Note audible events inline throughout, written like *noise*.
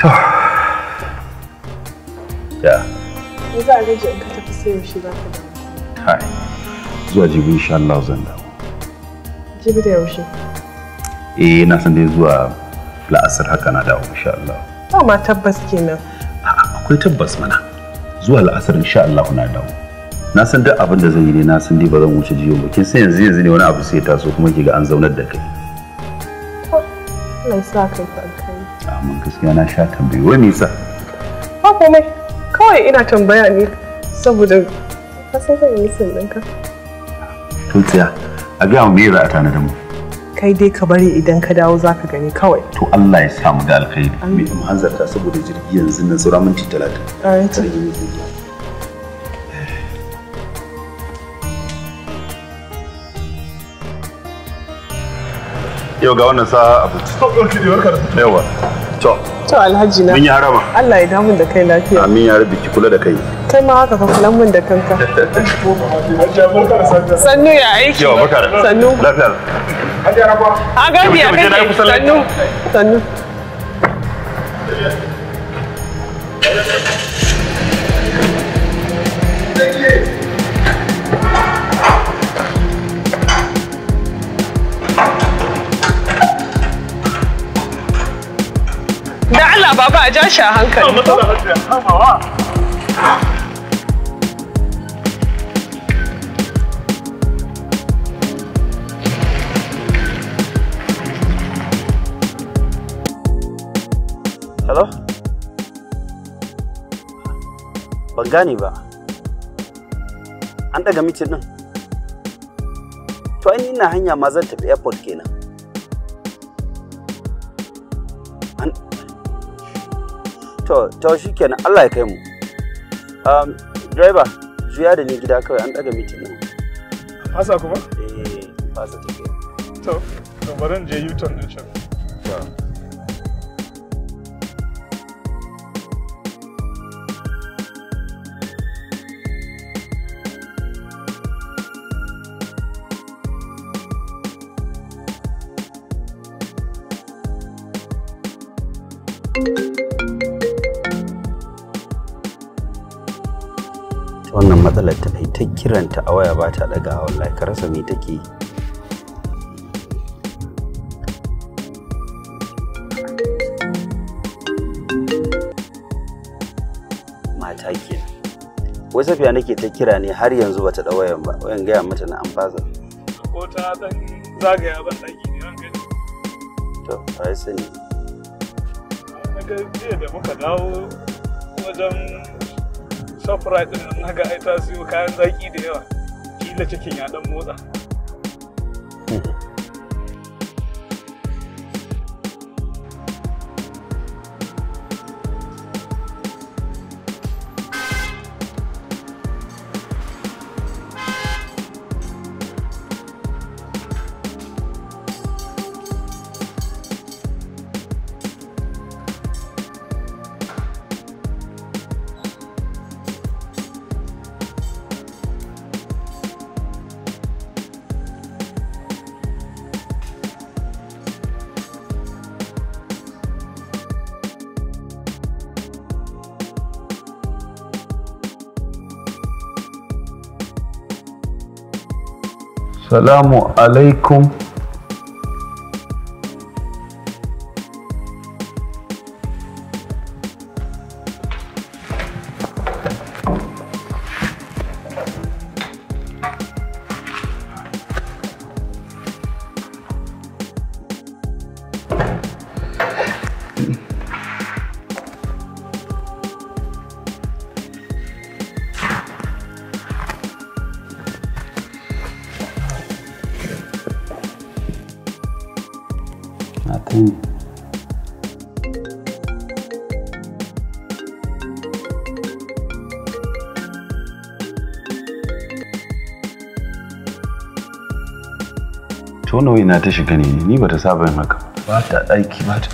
to ya ko za a gaji in ka tafi sai yaushe za ka dawo kai zuwa jibi insha Allah zan dawo jibi da yaushe eh na san dai zuwa la'asar haka na dawo insha Allah ba ma tabbas kenan akwai tabbas mana zuwa la'asar insha Allah na dawo na san duk abin da zan yi ne na san dai ba zan wuce jiyo ba kin san yanzu yanzu ne wani abu sai taso kuma ga an zaunar da kai Allah ya sa kai kanka amma gaskiya na sha tambayi wani sa ba komai kawai ina tambaya ne saboda ka san zan yi sun ɗinka tulsiya a gaya mu me za a tanadar mu kai dai ka bari idan ka dawo za ka gani kawai. To Allah ya samu da alkhairi. Mai hanzarta saboda jirgi yanzu na tsura minti talatin. yau ga wannan sa'a abu yawa to to alhaji na mun yi harama Allah ya damu da kai lafiya amin ya rabbi ki kula da kai kai ma haka fa kula mun da kanka sannu ya aiki yawa baka sannu lafiya Hadi araba. a gabi a kai sannu sannu Thank you. a ja shi a hankali ko? Hello? Ban gane ba. An daga mitin ɗin. To, na hanya ma zan tafi airport kenan. to to shi kenan Allah ya kai mu um, driver juya da ni gida kawai an daga mitin nan fasa kuma eh fasa take to to bari je U-turn din can to thank you wannan matsalar ta kai ta kiranta a waya ba ta daga wallahi ka rasa me take mata ke wai safiya nake ta kira ne har yanzu bata da wayan ba wayan gaya mata na an fasa ko ta dan zagaya ban daki ne an gani to ai sani na ga da muka dawo wajen safurai din naga ita su siyo kayan zaki da yawa kila cikin ya dan motsa hmm. السلام عليكم na ta yi tono ina ta shiga ne ni ba ta saba yin haka ba ta aiki ba ta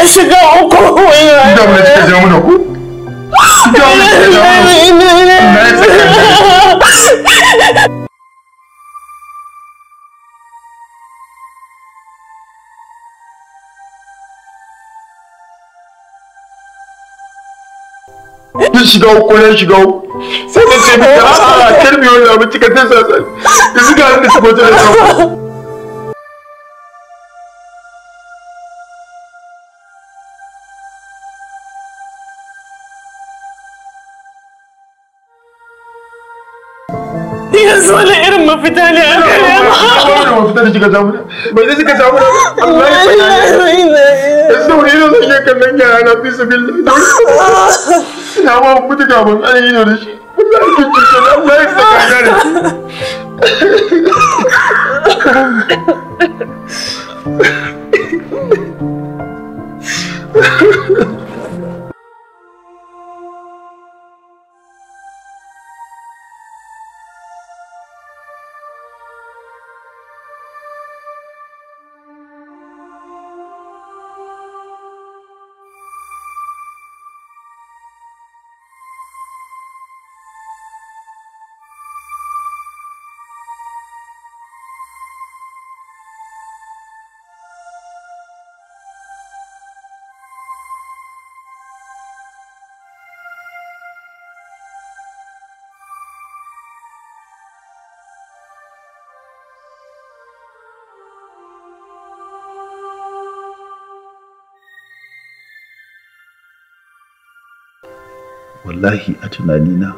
na shiga uku da mu ta jamu na shiga ko sai da ce miki abinci ka shiga shigo ta da mafita ne a gare mu wani mafita samu da shiga samu Allah ya sanya ne da kallon yara na fi su na ma mutu an yi da shi Allah ya sanya ne Ha *laughs* ha wallahi a tunanina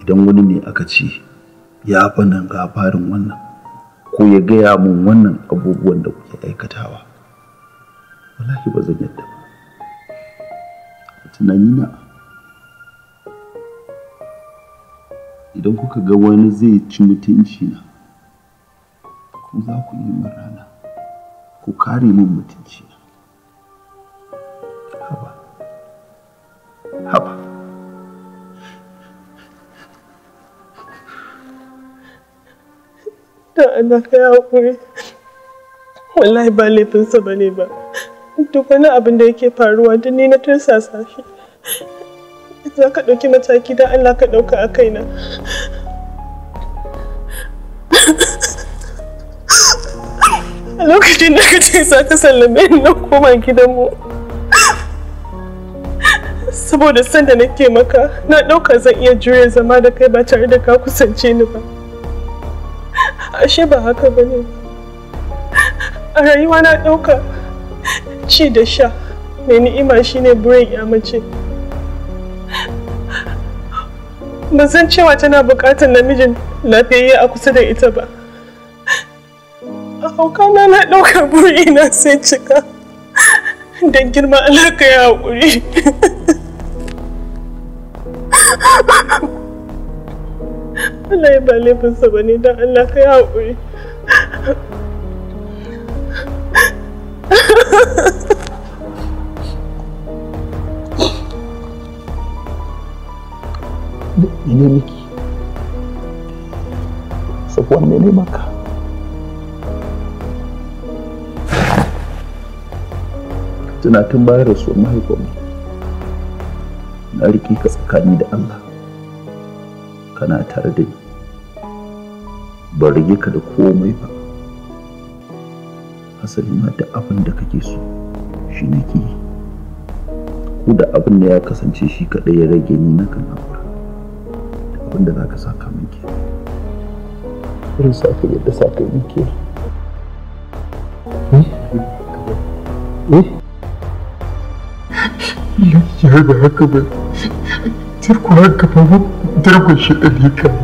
idan wani ne aka ce ya fanin labarin wannan ko ya gaya mun wannan abubuwan da kuke aikatawa wallahi ba zan yadda ba a tunanina idan kuka ga wani zai ci mutunci na ko za ku yi marana rana ku kare min mutunci na ta Allah ka yi haƙuri wallahi ba laifinsa ba ne ba duk wani abin da yake faruwa duk ni na tursasa shi za ka ɗauki mataki don Allah ka ɗauka a kaina a lokacin da ka ce za ka sallame ni na koma gidanmu saboda sanda nake maka na ɗauka zan iya jure zama da kai ba tare da ka kusance ni ba ashe ba haka ba ne a rayuwa na ɗauka ci da sha mai ni'ima shine burin ya mace ban san cewa tana buƙatar namijin lafiyayye a kusa da ita ba a hauka na na ɗauka burina sai cika don girma alaka ya haƙuri ya ba laifinsa ba ne don Allah ka yi haƙuri ne miki sabuwan ne ne maka tun bayar da su mahaifinmu na riƙe ka tsakani da Allah kana tare da ni ba rage ka da komai ba asali ma da abin da kake so shi nake yi ko da abin da ya kasance shi kaɗai ya rage ni na kan abu da abin da za ka saka min ke irin saka yadda saka min ke eh ya eh? haka ba tarko haka ba tarko shi ɗari kamar